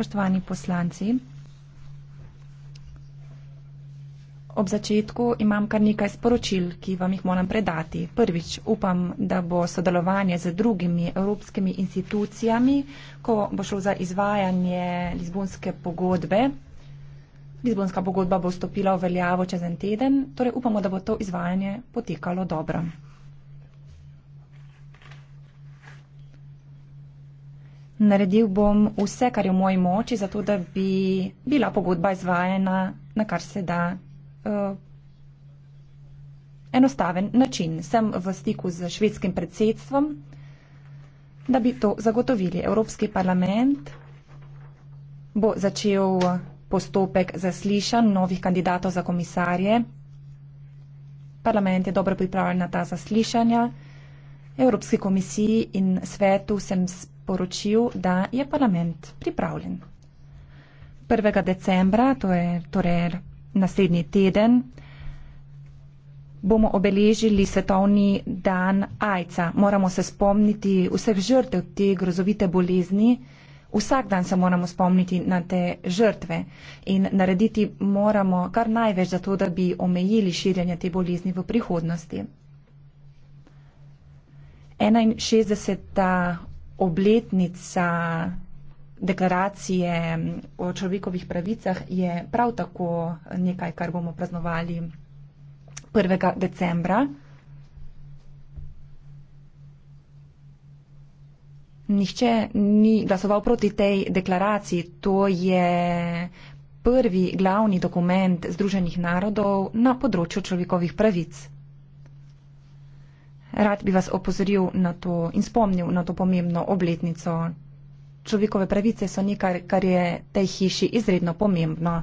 spoštovani poslanci. Ob začetku imam kar nekaj sporočil, ki vam jih moram predati. Prvič, upam, da bo sodelovanje z drugimi evropskimi institucijami, ko bo šlo za izvajanje Lizbonske pogodbe. Lizbonska pogodba bo stopila v veljavo čez en teden, torej upamo, da bo to izvajanje potekalo dobro. Naredil bom vse, kar je v moji moči, zato da bi bila pogodba izvajena na kar se da uh, enostaven način. Sem v stiku z švedskim predsedstvom, da bi to zagotovili. Evropski parlament bo začel postopek zaslišanj novih kandidatov za komisarje. Parlament je dobro pripravljen na ta zaslišanja. Evropski komisiji in svetu sem spremljal sporočil, da je parlament pripravljen. 1. decembra, to je torej naslednji teden, bomo obeležili svetovni dan AIDS-a. Moramo se spomniti vseh žrtev te grozovite bolezni. Vsak dan se moramo spomniti na te žrtve in narediti moramo kar največ za to, da bi omejili širjanje te bolezni v prihodnosti. 61 obletnica deklaracije o človekovih pravicah je prav tako nekaj, kar bomo praznovali 1. decembra. Nihče ni glasoval proti tej deklaraciji. To je prvi glavni dokument Združenih narodov na področju človekovih pravic. Rad bi vas opozoril na to in spomnil na to pomembno obletnico. Človekove pravice so nekaj, kar je tej hiši izredno pomembno.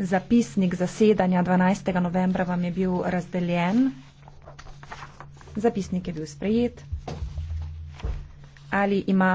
Zapisnik zasedanja 12. novembra vam je bil razdeljen. Zapisnik je bil sprejet. Ali ima